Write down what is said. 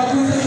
Bakuza.